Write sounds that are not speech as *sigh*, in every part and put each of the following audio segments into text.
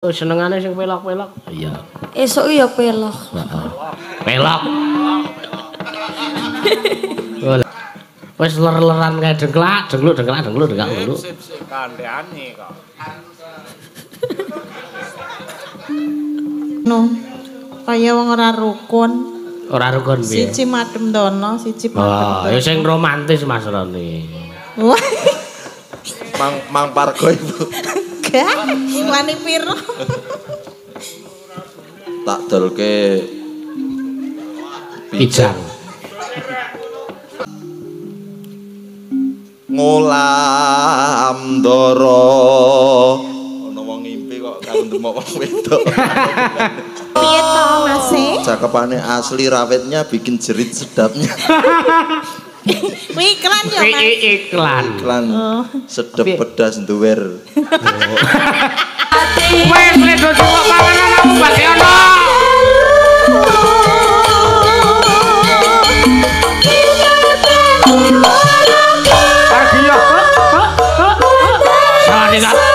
Oh, senengane sing pelok-pelok. Iya. Esuk ya pelok. Heeh. Pelok. Wes ler-leran kae dengklak, dengluk dengklak, dengluk dengklak dulu. Sip, sip, kok. Kaya wong ora rukun. Ora rukun piye? Siji madem dono, siji padem. Oh, ya sing romantis Mas Roni. Mang Mang Pargo Ibu. Gah, wani piro? Tak dolke pijang. Ngulam doro ana wong ngimpi kok karo demok wong wedok. Piye to, Mas? Cakepane e? asli rawitnya bikin jerit sedapnya. *laughs* Kuwi *laughs* iklan ya Mas. iklan. Iklan. Oh. Sedep pedas duwer. Wes, wes do coba panganan aku bali ono. Lagi yo. Salah dengar.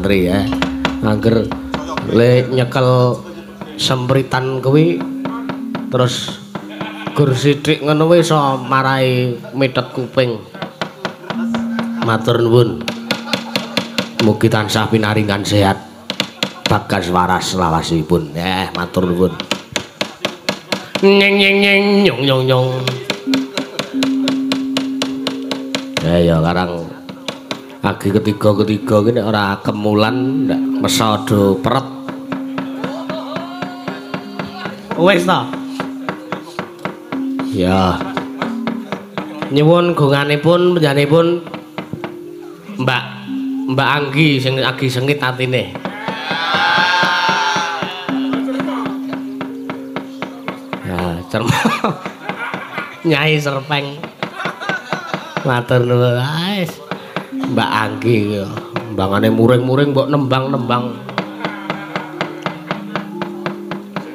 santri ya agar Lek nyekel sempritan kuwi terus gur sithik ngono wis so marai mitet kuping matur nuwun mugi tansah pinaringan sehat bagas waras lawasipun eh matur nuwun Nyeng nyeng nying nyong nyong nyong ya eh, ya karang lagi ketiga ketiga ini orang kemulan ndak mesodo perut wes no ya nyewon gungane pun penjane pun mbak mbak Anggi sing agi sengit hati nih ya cermat *laughs* nyai serpeng matur nuwun guys ah, Mbak Anggi mbangane muring-muring mbok nembang-nembang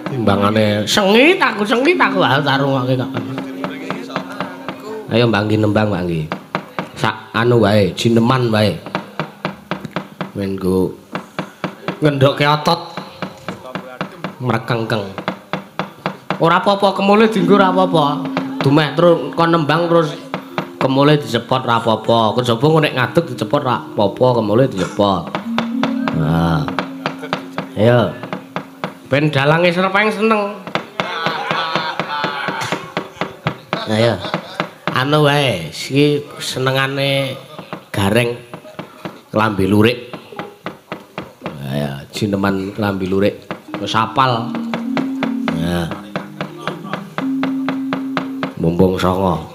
timbangane sengit aku sengit aku ah tarungake ayo Mbak Anggi nembang Mbak Anggi sak anu wae jineman wae men go ngendokke otot mrekengkeng ora apa-apa kemule dinggo ora apa-apa dumek terus kon nembang terus kemule dicepot ra apa-apa. Kejaba nek ngadeg dicepot ra kemule dicepot. Nah. Ayo. Ben dalange serpeng seneng. Ayo. Anu wae, iki senengane gareng kelambi lurik. Ayo, jineman kelambi lurik wis apal. Ya. Mumbung songo.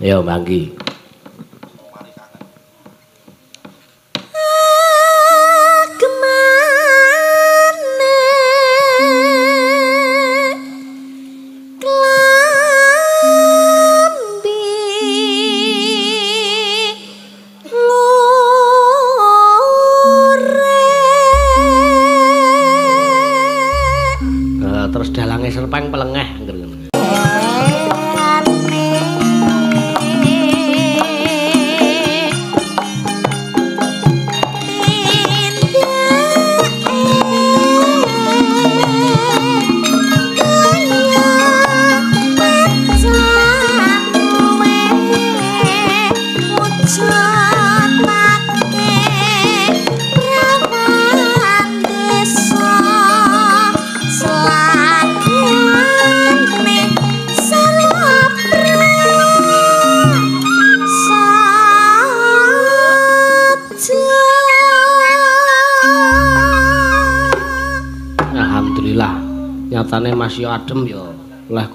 Ya, mangki.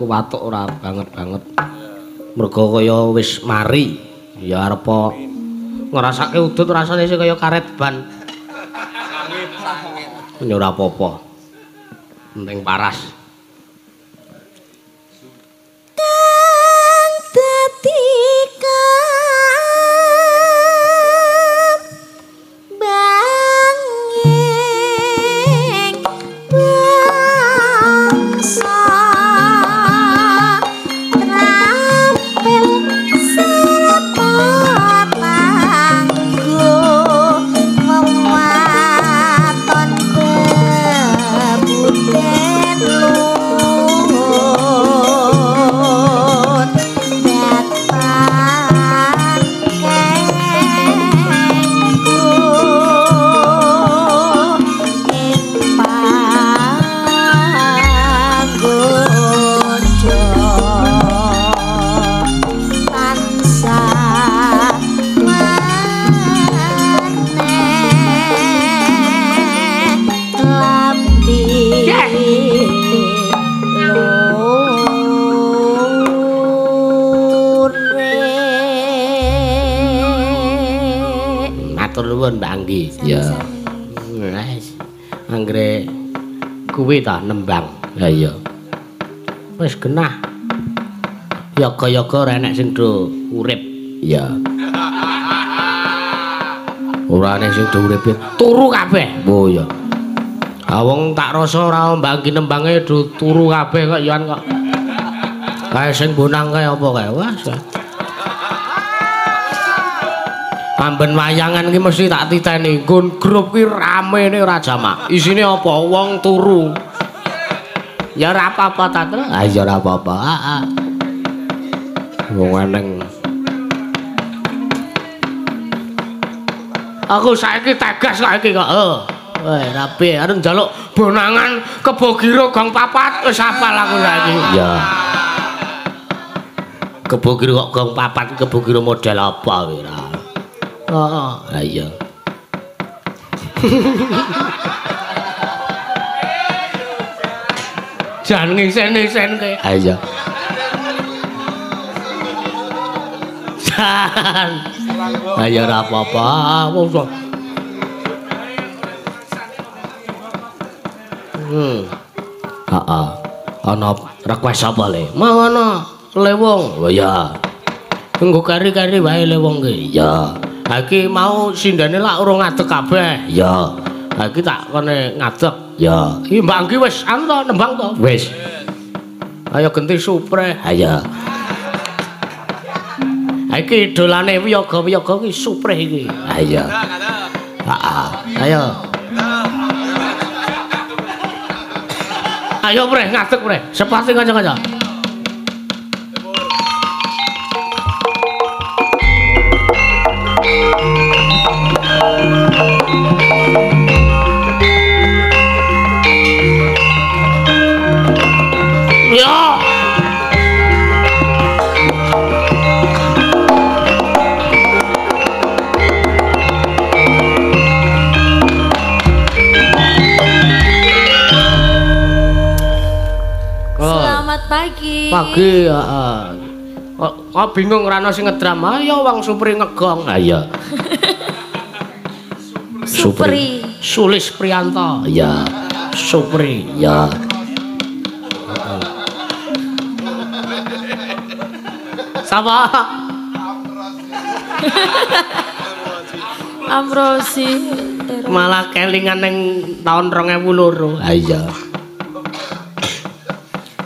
aku watuk ora banget-banget. Mergo kaya wis mari, ya arepa ngrasake udut rasane sing kaya karet ban. Sangit-sangit. Ya ora apa-apa. Penting paras. nembang ya iya wis genah yoga-yoga ora enek sing do urip ya *laughs* ora enek sing do urip turu kabeh oh ya ha wong tak rasa ora mbang ki nembange do turu kabeh kok yoan kok kae sing bonang kae apa kae wah Amben wayangan iki mesti tak titeni. Gun grup ki rame ne ora jamak. Isine apa? Wong turu. ya ora apa-apa ta terus ah ya ora apa-apa heeh ah, ah. wong eneng aku saiki tegas saiki kok oh. Wah, rapi areng njaluk bonangan kebogiro gong papat wis apal aku saiki ya kebogiro kok gong papat kebogiro model apa kira heeh oh. ha oh. iya *laughs* jangan ngisen ngisen ke ayo ayo apa apa mau Hmm. Ha ah. Ana request apa le? Mangono lewong. Oh iya. Tunggu kari-kari wae lewong ge. Iya. Aki mau sindane lak urung ngadeg kabeh. Iya. Ha iki tak kene ngadeg. Ya. Iki Mbak Anggi wis anto nembang to? Wis. Ayo genti supre. Ha iya. Ha iki dolane wiyaga-wiyaga iki supre iki. Ha iya. Heeh. Ayo. Ayo preh ngadeg preh. Sepati kanca-kanca. Pagi, heeh. Uh, bingung ora ono sing ngedrama, ah, ya wong supri ngegong. Ah iya. supri. Sulis Prianto. Iya. Supri, ya. Sapa? Amrosi. Amrosi. Malah kelingan ning taun 2002. Ha iya.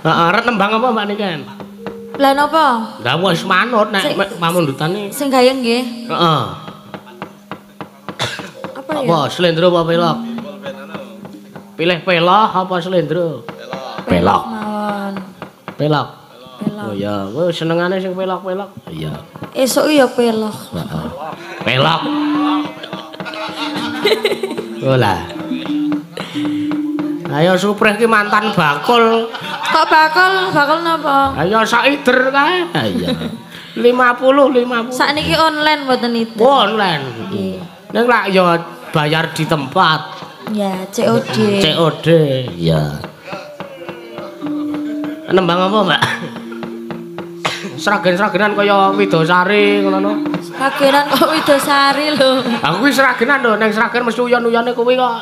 Heeh, nembang apa Mbak Niken? Lah napa? Lah wis manut nek mamundutane. Sing gayeng nggih. Heeh. Apa ya? Apa slendro apa pelok? Pilih pelok apa slendro? Pelok. Pelok. Pelok. Oh ya, kowe senengane sing pelok-pelok. Iya. Esuk ya pelok. Pelok. Pelok. *laughs* Ola. Ayo supreh ki mantan bakul. Kok bakul? Bakul napa? Ayo saider kae. Iya. 50 50. Sakniki online mboten itu. Oh, online. Nggih. Nek lak yo bayar di tempat. Ya, COD. Hmm, COD, ya. Nembang apa, Mbak? Seragen-seragenan kaya Widosari ngono no. Seragenan kok Widosari lho. Aku kuwi seragenan lho, ning seragen mesti uyon kuwi kok.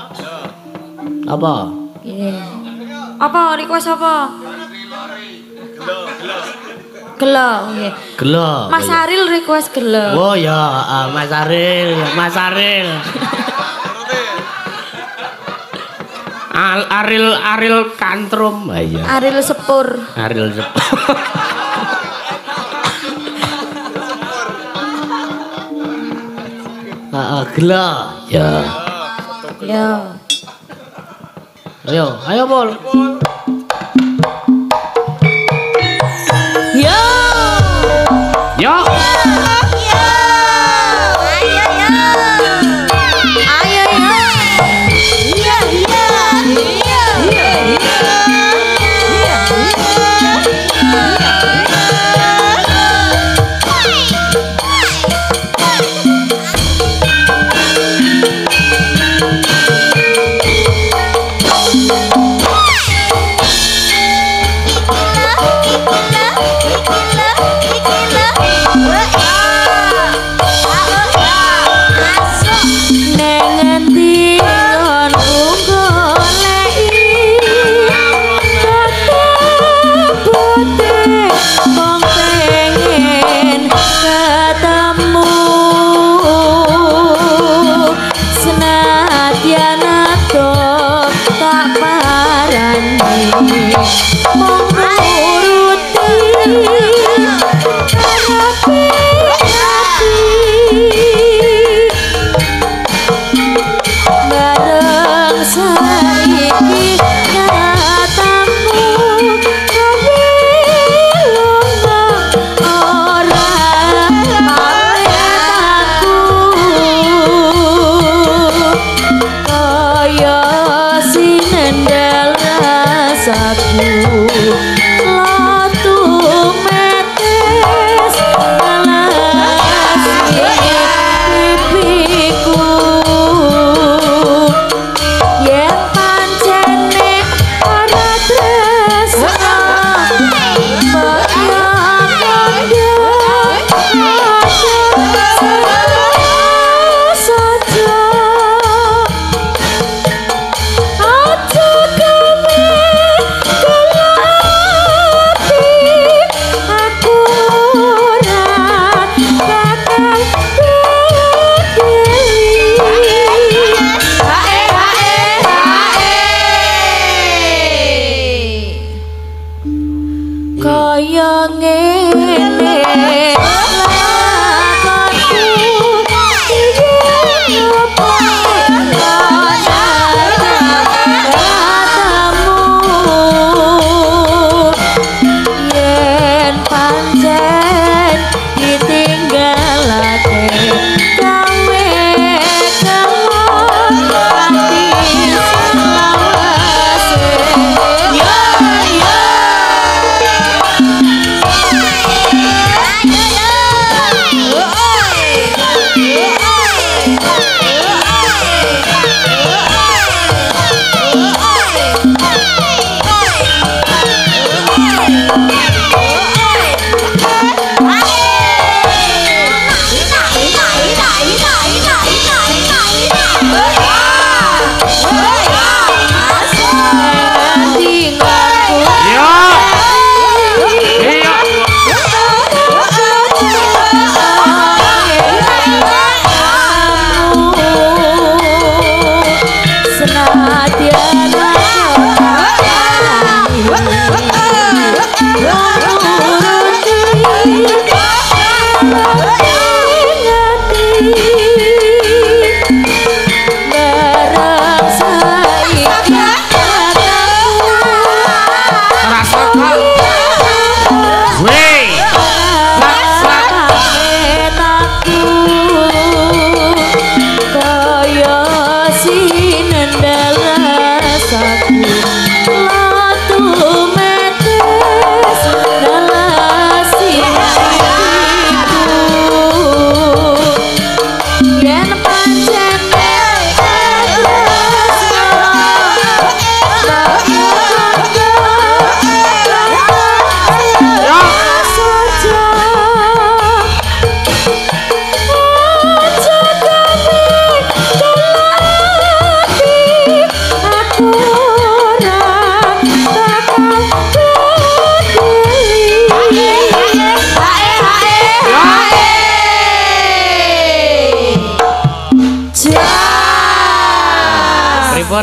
Apa? Iya. Apa request apa? Gelo, nggih. Gelo. Mas Aril request gelo. Oh ya, uh, Mas Aril, Mas Aril. Al Aril Aril kantrum. Ayo. Ah, iya. Aril sepur. Aril sepur. Heeh, *laughs* ah, gelo. Ya. Ya. Ayo, ayo Pol.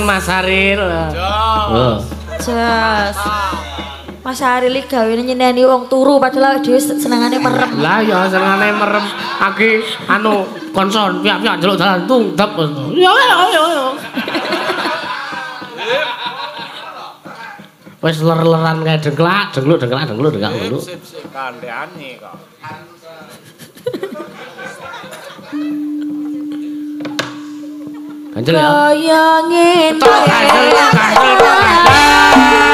Mas Aril. Jos. Mas Aril iki gawe nyeneni wong turu padahal dhewe senengane merem. Lah ya senengane merem. Aki anu konson piak-piak njeluk dalan tundep. Ya ya ya. Wes ler-leran kae dengklak, dengluk dengklak dengluk dengklak. Sip sip kandhani kok. Kancil ya. Kancil, kancil, kancil.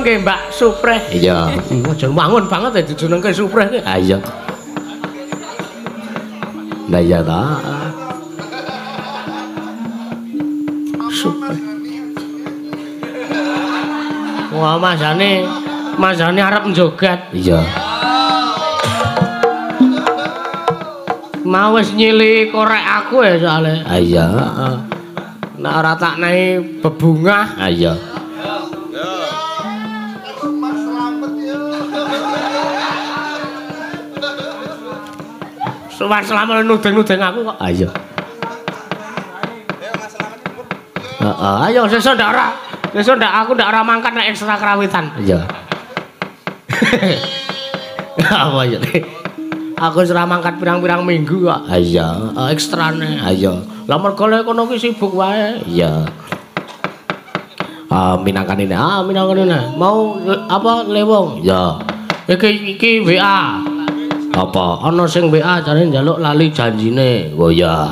jenengke Mbak Supreh. Iya. Hmm, Jeneng wangun banget ya jenengke Supreh ki. Ha ah, iya. Lah iya ta. Supreh. Wah, masane masane arep joget. Iya. Mau wis nyilih korek aku ya soalnya. Ha ah, iya. Nek ora tak nahi bebungah. Ha ah, iya. Mas Slamet nudeng-nudeng aku kok. Ayo. Ayo Mas Slamet. Heeh, ayo sesuk ndak aku ndak ora mangkat nek ekstra krawitan. Iya. Apa ya? Aku sudah mangkat pirang-pirang minggu kok. Iya, ekstra nih. Ayo. Lah mergo ekonomi sibuk wae. Iya. Ah, minangkan ini. Ah, minangkan ini. Mau apa lewong? Ya. Iki iki WA. apa ana sing WA carane njaluk lali janjine oh ya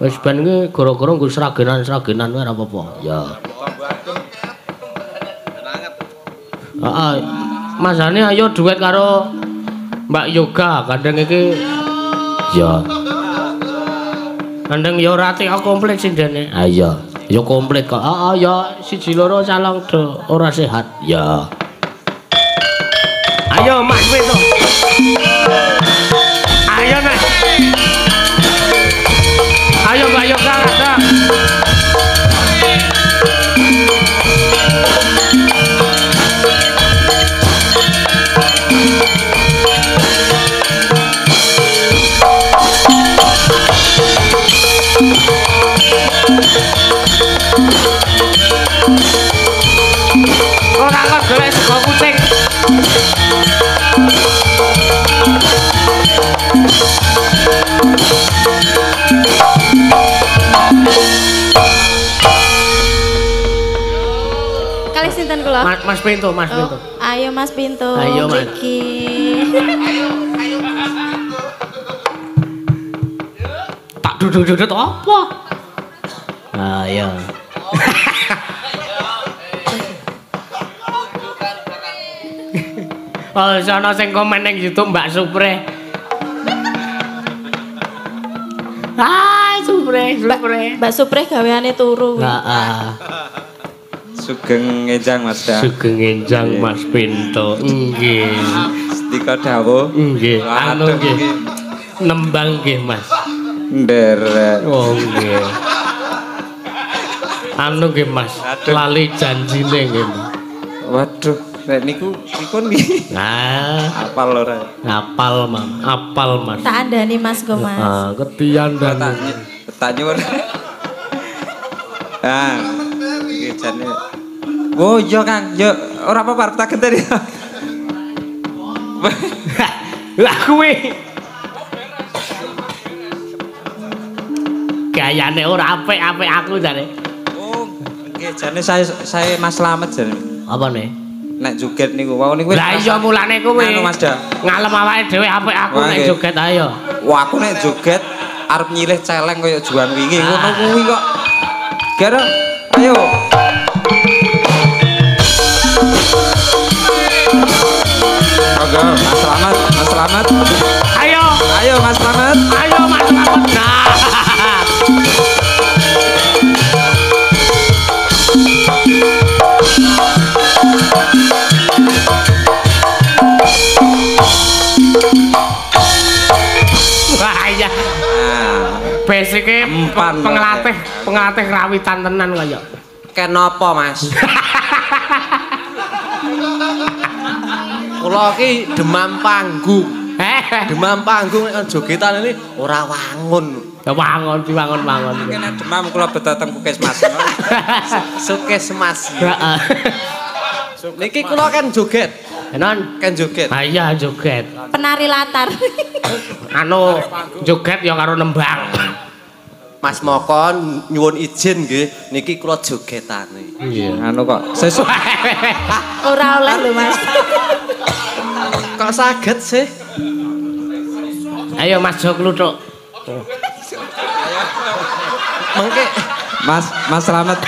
wis ben iki gara-gara nggo sragenan-sragenan ora apa-apa ya Mas Hani ayo duet karo Mbak Yoga kadang iki ya kadang ya ora teko komplit sing dene ayo ya komplit kok heeh ya siji loro calong do ora sehat ya ayo mas wedok ayo nah ayo mbak yoga kak Mas Pintu, Mas oh, Pintu. Ayo Mas Pintu. Ayo Mas. Ayo, ayo. Tak duduk duduk apa? Ayo. Oh, *laughs* sana sing komen neng YouTube Mbak Supre. Hai Supre, Supre. Mbak Supre gaweane turu. Heeh. Ah. Sugeng Enjang Mas Dah. Sugeng Enjang Mas Pinto. Nggih. Sedika dawo. Nggih. Anu nggih. Nembang nggih Mas. Nderet. Oh nggih. Anu nggih Mas, lali janjine nggih Waduh, nek niku niku nggih. Nah, apal ora? Apal, Mam. Apal, Mas. Tak andani Mas go Mas. *laughs* Ah, ketiandani. Tak nyuwun. Ah. Oh iya kang, ya ora apa-apa tak genteni. *laughs* Lah kuwi. Gayane ora apik-apik aku jane. Oh, nggih jane saya saya Mas Slamet jane. Apa nih? Nek joget niku, wau niku. Lah iya mulane kuwi. Nek Mas Da. Ngalem awake dhewe apik aku nek joget ayo. Wah, aku nek joget arep nyilih celeng koyo juan wingi. Ngono kuwi kok. Gara ayo. Oke, Mas selamat Mas selamat Ayo. Ayo Mas selamat Ayo Mas selamat Nah. Bahaya. Nah. Basicnya empan pengelatih ya. pengelatih rawitan tenan kaya. Kenapa, Mas? *laughs* kula iki demam panggung. *laughs* demam panggung nek jogetan ini ora wangun. Ya wangun, di wangun, wangun. demam kula betateng kukes mas. Sukes *laughs* mas. Heeh. Niki kula kan joget. kan joget. Ah iya joget. Penari latar. anu joget ya karo nembang. Mas Mokon nyuwun izin nggih niki kula jogetane. Iya, anu kok sesuk. *laughs* Ora oleh lho Mas. *laughs* kok saged sih? Ayo Mas Joglu tok. Mengke Mas Mas Slamet.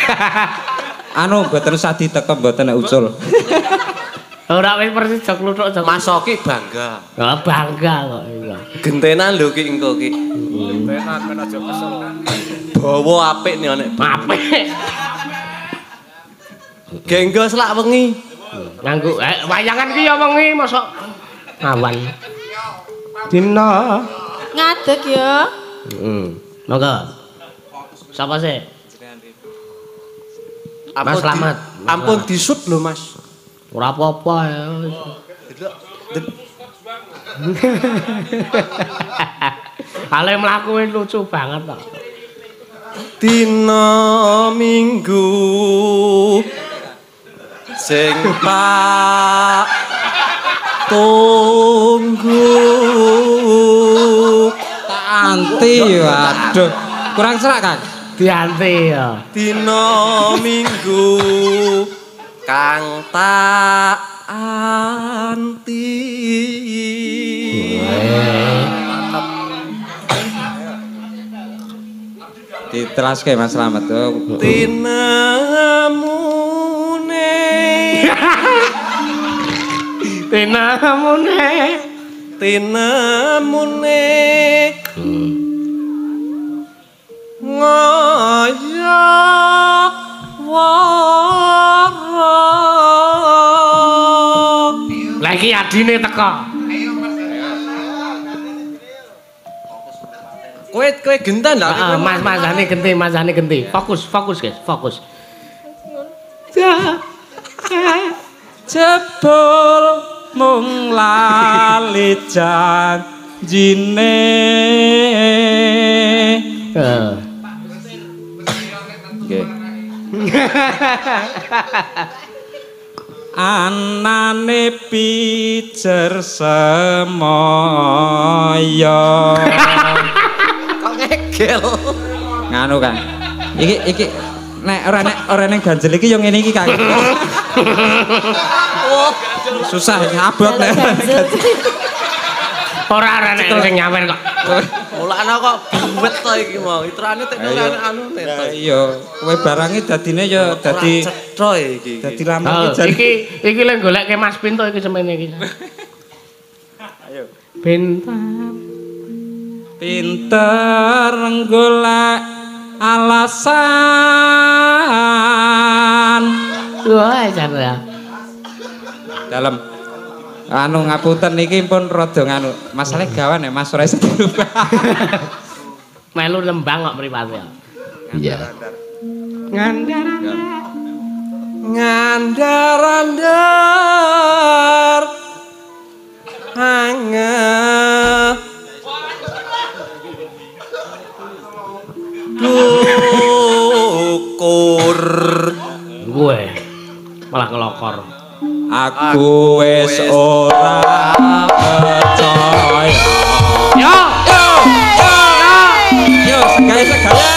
*laughs* anu mboten usah diteke mboten nek ucul. Ora wis persis jog luthuk Masoki bangga. Ya bangga kok iya. Gentenan lho ki engko ki. Gentenan men aja kesel. Bawa apik nih nek apik. Genggo selak wengi. Nganggo eh, wayangan ki ya wengi mosok awan. Dina. Ngadeg ya. Heeh. Hmm, monggo. Sapa sih? Mas selamat. Ampun disut lho Mas. Ora apa-apa. ya Paling mlakuin lucu banget kok. Dina Minggu sing pak tunggu anti waduh kurang serak kan dianti ya dina minggu kang tak anti diteraske Mas Slamet oh, *laughs* tinamune tinamune tinamune hmm. ngoyak Lagi adine teko. Kowe kowe genten lho. Mas Masane genti, Masane genti. Fokus, fokus guys, fokus. Cepul mung lali janjine. anane pijer semoyo kok ngegel nganu kan iki iki nek ora nek ora ning ganjel iki yo ngene iki Kang susah abot nek ora ora nek sing nyawer kok Lah kok buwet to iki mau. Itrane tekno anu teto. Iya, kowe barange dadine ya dadi cetro iki. Dadi lambang jan. Iki iki lek golekke Mas Pinto iki semene iki. Ayo. Pintar. Pintar golek alasan. Wah, jan ya. Dalam. anu ngapunten niki pun rada anu masalah gawan ya Mas Surais melu lembang kok mripate ya. iya ngandar ngandar, ngandar ngandar, hangat dukur gue malah ngelokor aku wis ora percaya yo yo yo yo segala segala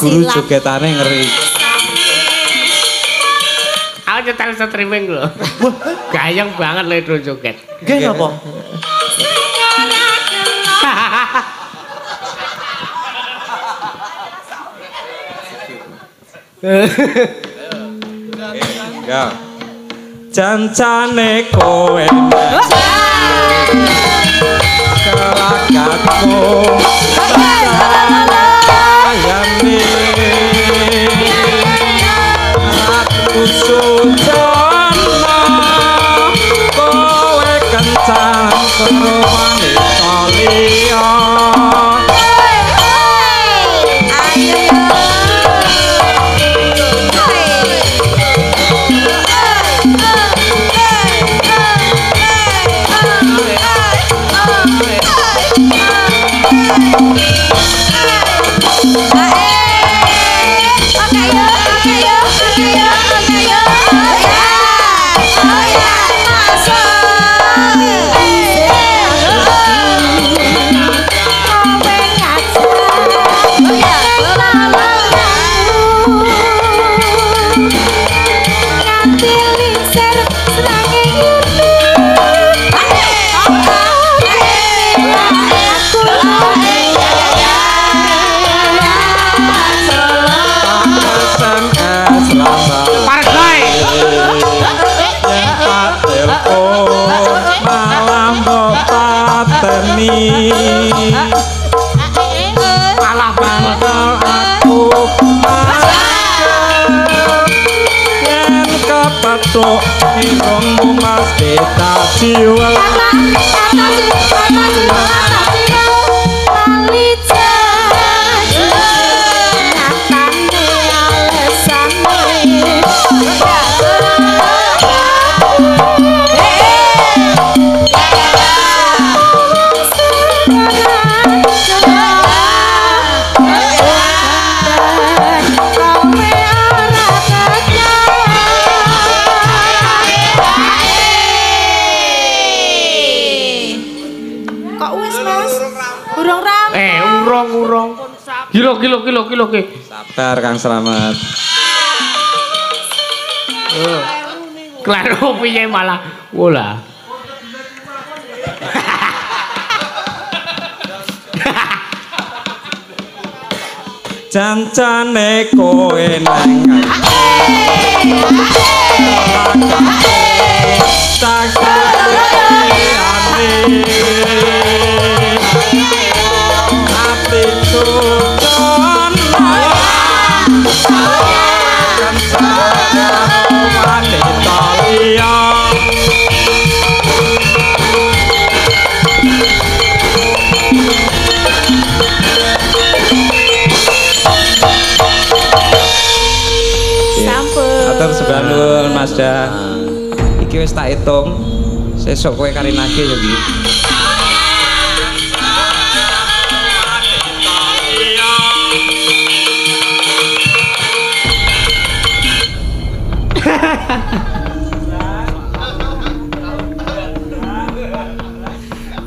guru jogetane ngeri. Aku nyetel streaming lho. Wah, gayeng banget lho itu joget. Nggih napa? Ya. Jancane kowe. Kelakatmu. Kowe kencang kemanis kalian Ngomong mas kita siwa Apa sih, apa sih, apa loki loki sabar kang selamat klaro piye malah wala Jancane kowe nang ngene Tak Ya. liya Atur Mas Iki wis tak hitung. Sesuk kowe karinake yo ya,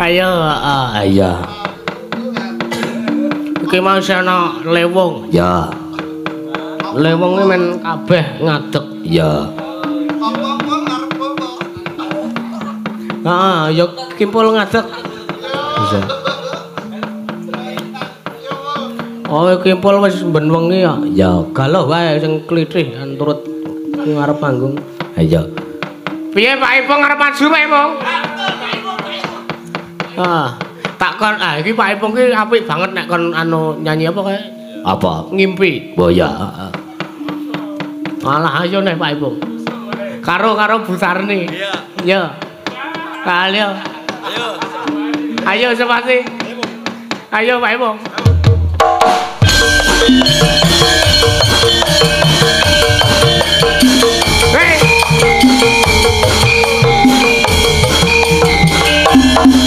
ayo uh, eh, ayo iki mau sana lewong ya lewong ini men kabeh ngadek ya ah uh, yuk kimpul ngadek bisa oh kimpul mas benwengi ya ya kalau wae yang kelitih yang aku ngarep panggung. Ayo. Piye Pak Ipong ngarep maju Pak Ipong? Ah, tak kon ah iki Pak Ipong iki apik banget nek kon anu nyanyi apa kae? Apa? Ngimpi. Oh iya, Malah ayo nek Pak Ipong. Karo karo Bu Sarni. Iya. Ayo. Ayo. Ayo sepati. Ayo Pak Ipong.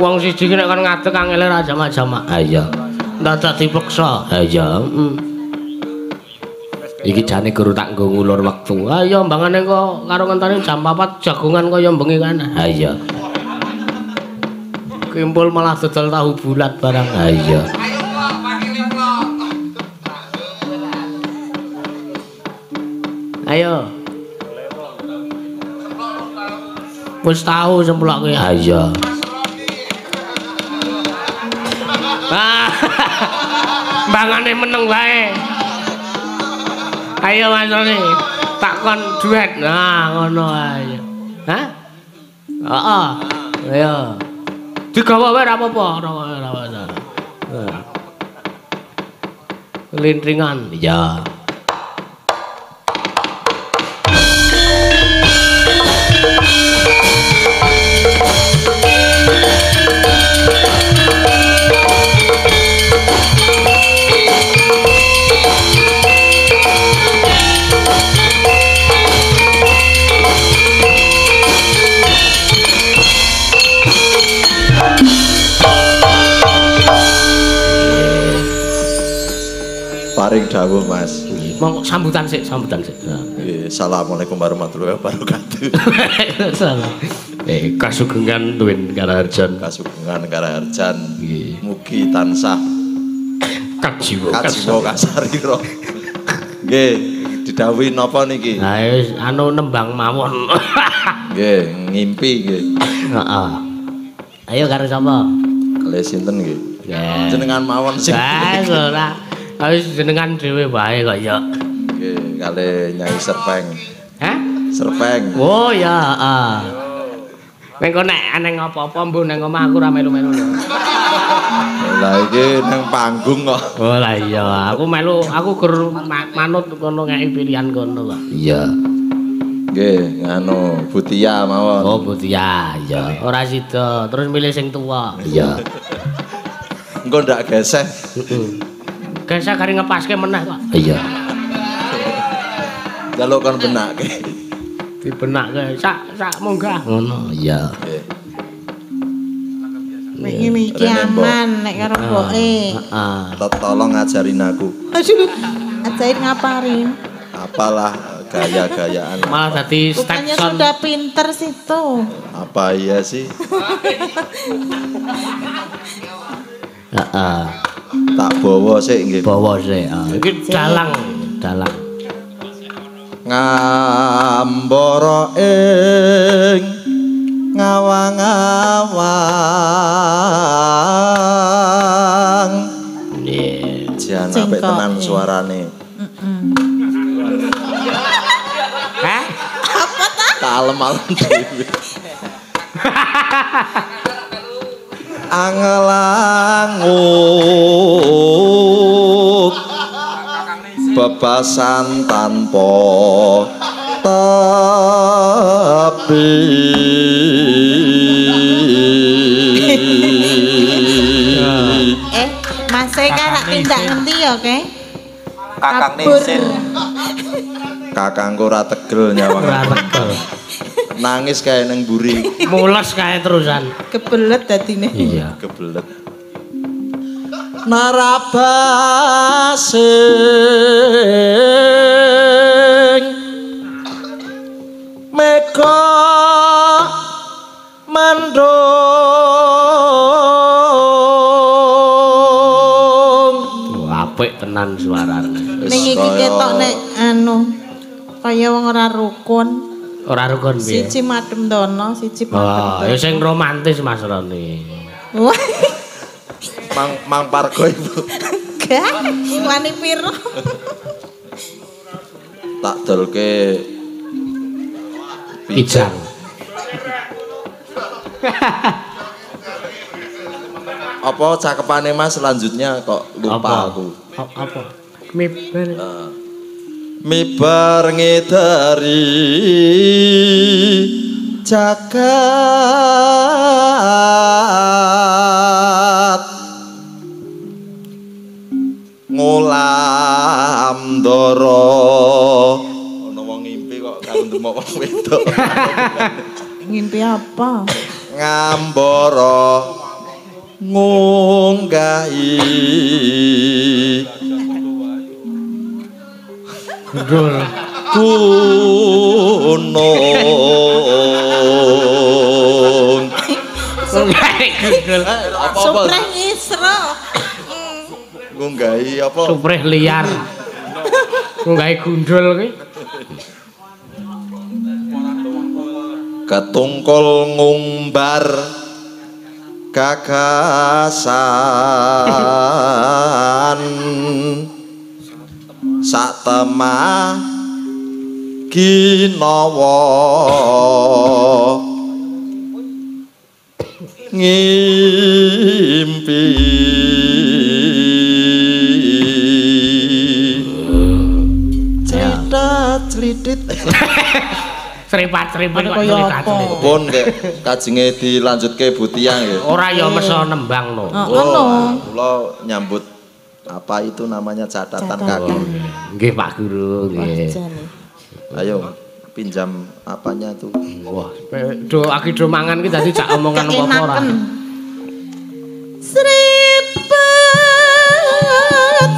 Wong siji nek kan ngadeg angel ora jamak-jamak. Ha iya. Dadak dipeksa. Ha iya. Mm. Iki jane guru tak nggo ngulur wektu. Ha iya mbangane kok karo ngentane jam 4 jagongan kaya bengi kan. Ha iya. Kumpul malah dodol tahu bulat barang. Ha iya. Ayo. Wis tahu semplok kowe. Ha iya. Ayo. mangane meneng wae. Ayo mancane tak kon duet. Nah, ngono ae. Hah? Heeh. Ayo. Digawa wae ora apa-apa, ora apa-apa. Lintringan. Ya. dawuh Mas. mau sambutan sik, sambutan sik. Nggih, iya, asalamualaikum warahmatullahi wabarakatuh. *laughs* Salam. Eh, kasugengan duwin Karaharjan. Kasugengan Karaharjan. Nggih. Mugi tansah kajiwa kajiwa kasarira. Nggih, didhawuhi napa niki? Ha nah, ya anu nembang mawon. *laughs* Nggih, ngimpi nggih. Heeh. Ayo karo sapa? Kalih sinten nggih? Jenengan mawon sih Ha ora. Ayo jenengan dhewe wae kok ya. Nggih, kali nyai serpeng. Hah? Serpeng. Oh ya, ah. Neng kok nek aneh ngopo-opo mbu neng omah aku ra melu-melu. Eh, lah iki neng panggung kok. Oh lah iya, aku melu aku ger manut kono ngeki pilihan kono lah. Iya. Nggih, anu Butia mawon. Oh Butia, iya. Ora sida, terus milih sing tuwa. Iya. Engko ndak gesek. Heeh. gesa kari ngepaske meneh kok. Iya. Jaluk kan benake. Dibenake sak sak munggah ngono. Iya. Nek ngene iki aman nek karo ah, mboke. Heeh. Ah, ah. Tolong ngajarin aku. Ajarin ngaparin? Apalah gaya-gayaan. Malah tadi Bukannya sudah pinter sih tuh. Apa iya sih? Heeh. tak bawa sik nggih bawa sik ah. iki dalang dalang Ngamboroing ing ngawang-awang jan ape tenan suarane heeh ha apa ta kalem-kalem *laughs* angelanguk bebasan tanpa tapi *laughs* eh mas saya kan tak tindak nanti ya oke kakak nisir kakak ngurah tegel nyawa ngurah tegel nangis kayak neng buri *laughs* mulas kayak terusan kebelet tadi nih iya kebelet narabasing meko mando apik tenan suarane ning iki ketok nek anu kaya wong ora rukun Ora rukun piye? Siji madem dono, siji madem. Wah, ya sing romantis Mas Roni. mang mang pargo Ibu. Enggak, wani piro? Tak dolke pijang. apa cakepane Mas selanjutnya kok lupa apa? aku. Apa? Mebel. Eh, mibar ngedari cakat ngulam doro ono wong ngimpi kok kalon demok wong wedok ngimpi apa ngamboro ngunggahi Dur. Gunung. Supreh isro. Nggai apa? Supreh liar. Nggai gundul kuwi. Katungkol ngumbar kakasan. satema ginawa ngimpi cetat celidit seripat seripat kaya apa pun kek kajinge dilanjutke butiang ya ora ya meso nembang lo oh, ngono kula nyambut apa itu namanya catatan, catatan. kaki oh, nggih pak guru nggih ayo pinjam apanya itu. wah do aki mangan ki dadi cak omongan apa ora sripet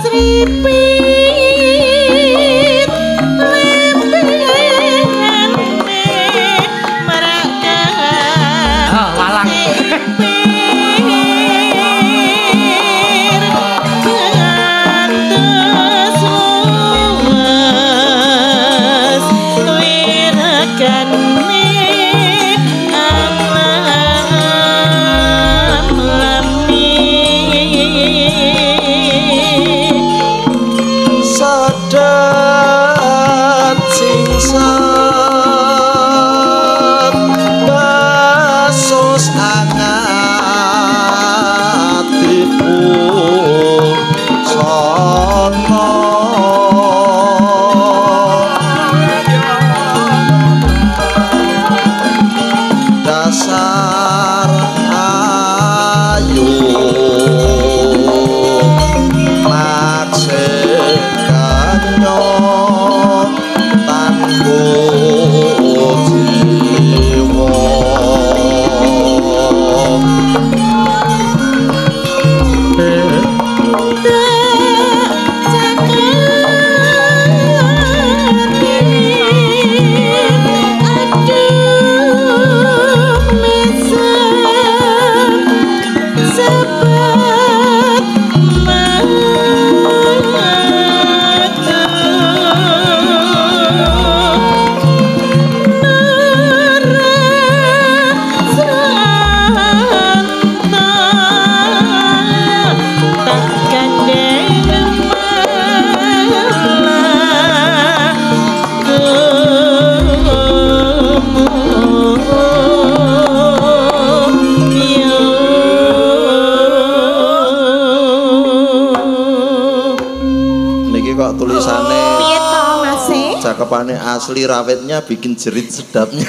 sripet cakepane asli rawitnya bikin jerit sedapnya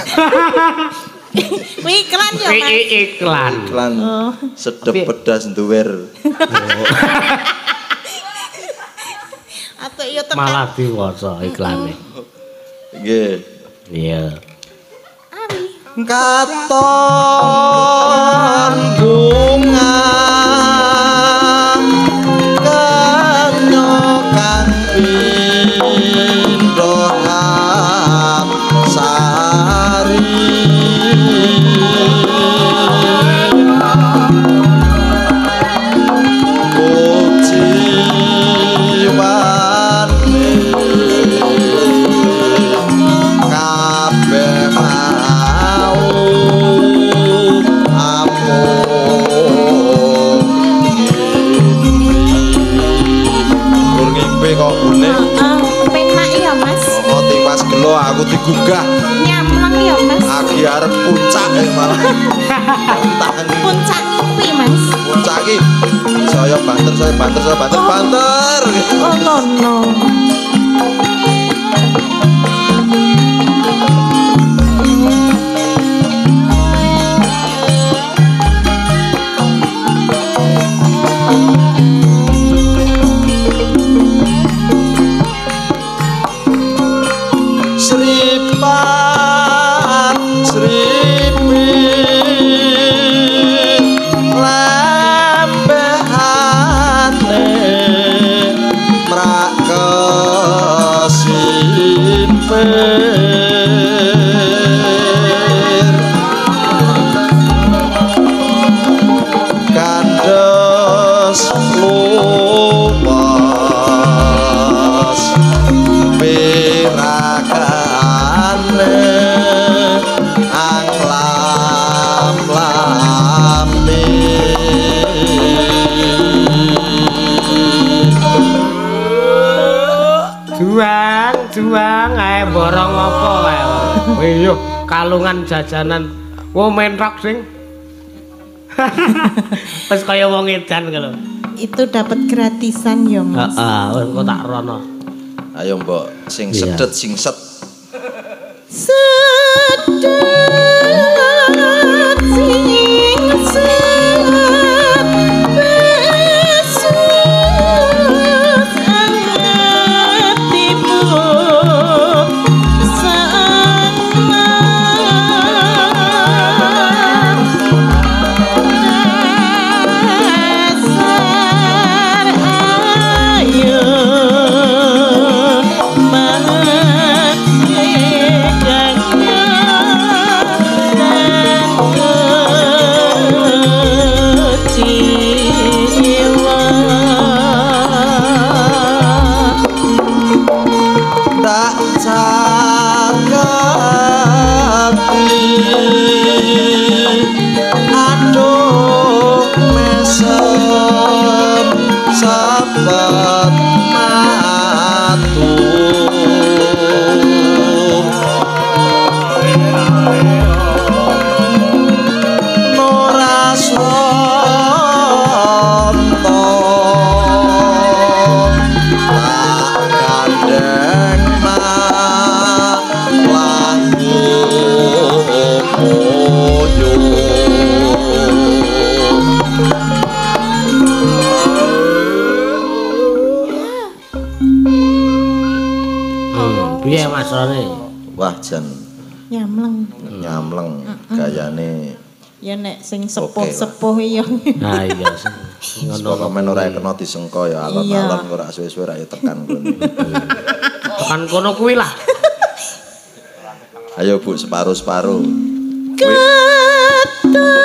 *laughs* iklan ya iklan iklan oh. sedep pedas duwer *laughs* atau iya tekan malah diwasa iklannya iya iya Katon bunga aku digugah nyamang ya mas lagi harap puncak ya *laughs* puncak ngipi mas puncak ngipi saya banter saya banter saya banter banter oh, oh no no jajanan wong menrok sing pas *laughs* kaya wong edan ngono itu dapat gratisan ya mas heeh kok tak rono ayo mbok sing sedet sing set nek sing sepuh-sepuh yo. Ha iya. Ngono *laughs* kok men ora kena disengko ya alon-alon ora suwe-suwe ra yo tekan kene. Tekan kono kuwi lah. Ayo Bu separuh-separuh. Ketuh.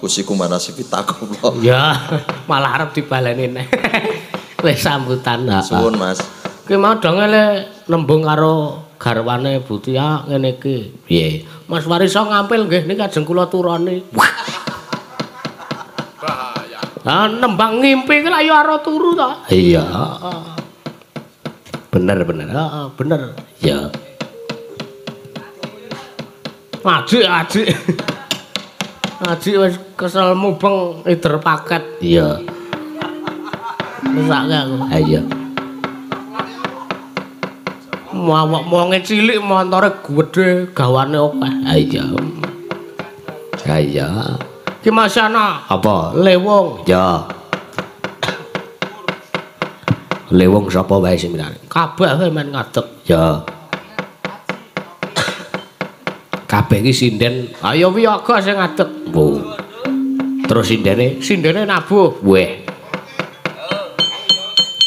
kusiku mana sih takut loh ya *laughs* malah harap dibalenin nih *laughs* sambutan nah, suun mas kita mau dong ele nembung karo garwane buti ya ngene ki piye Mas Wariso ngampil nggih niki kajeng kula turone bahaya ah nembang ngimpi ki lak yo ora turu to iya bener bener heeh ah, bener ya ngaji ngaji *laughs* Aji wis kesel mubeng ider paket. Iya. Mesake aku. Ah, iya. Mawak monge cilik montore gede gawane opah. Iya. Ah, iya. Ki masana. Apa? Lewong. Iya. Lewong sapa wae sing Kabeh men ngadeg. Iya. Yeah. kabeh iki sinden ayo wiyaga sing Bu terus sindene sindene nabuh weh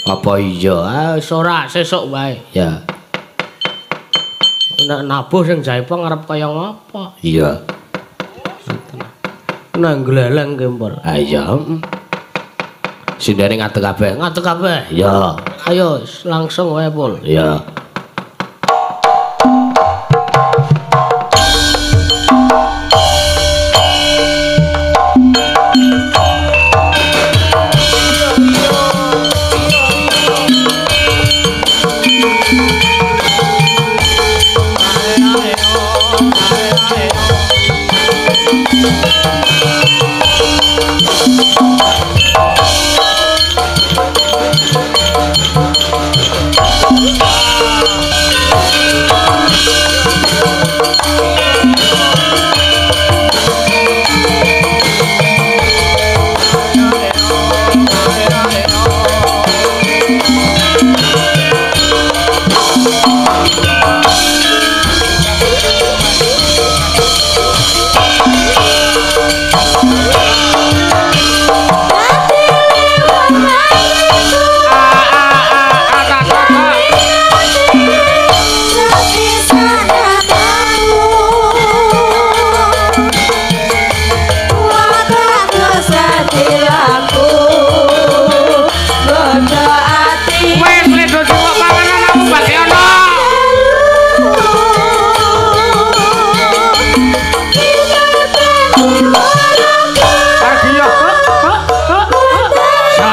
apa iya ah, ora sesuk wae ya nek nabuh sing jaipo ngarep kaya ngapa iya nang gleleng kempur ayo ah, sindene ngadeg kabeh ngadeg kabeh ya ayo langsung wae pol Iya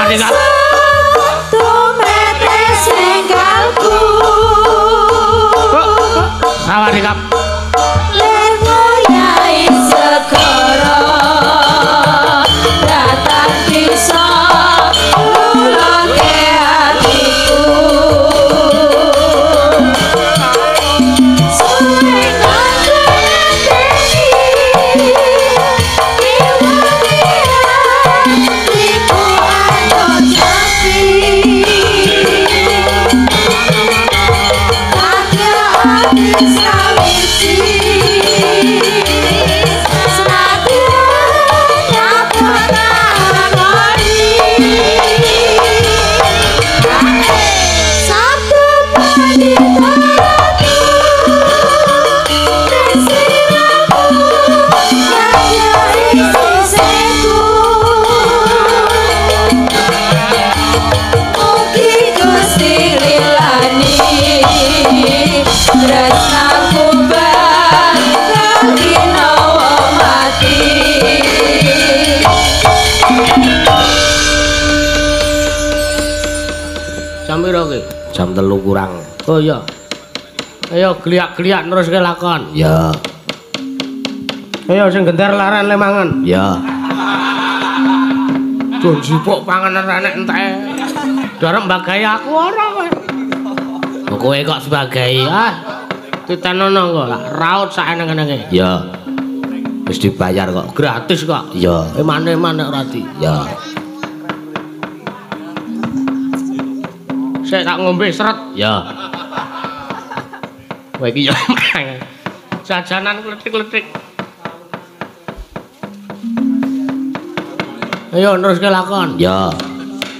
Pak Awak dikap. telu kurang. Oh iya. Ayo geliak-geliak terus ke lakon. Iya. Ayo sing gender laren le mangan. Iya. Jon jupuk panganan enek entek. Darem bagai aku ora kowe. Kowe kok sebagai ah. Ditenono kok raut sak enek-enenge. Iya. Wis dibayar kok gratis kok. Iya. Emane-emane eh, ora di. Iya. Ya. Saya tak ngombe seret. Ya. *laughs* Wah iki yo mang. Jajanan kletik-kletik. Ayo terus ke lakon. Ya.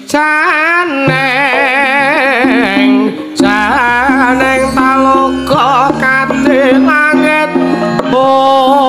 Caneng, caneng taloko kate langit. Oh.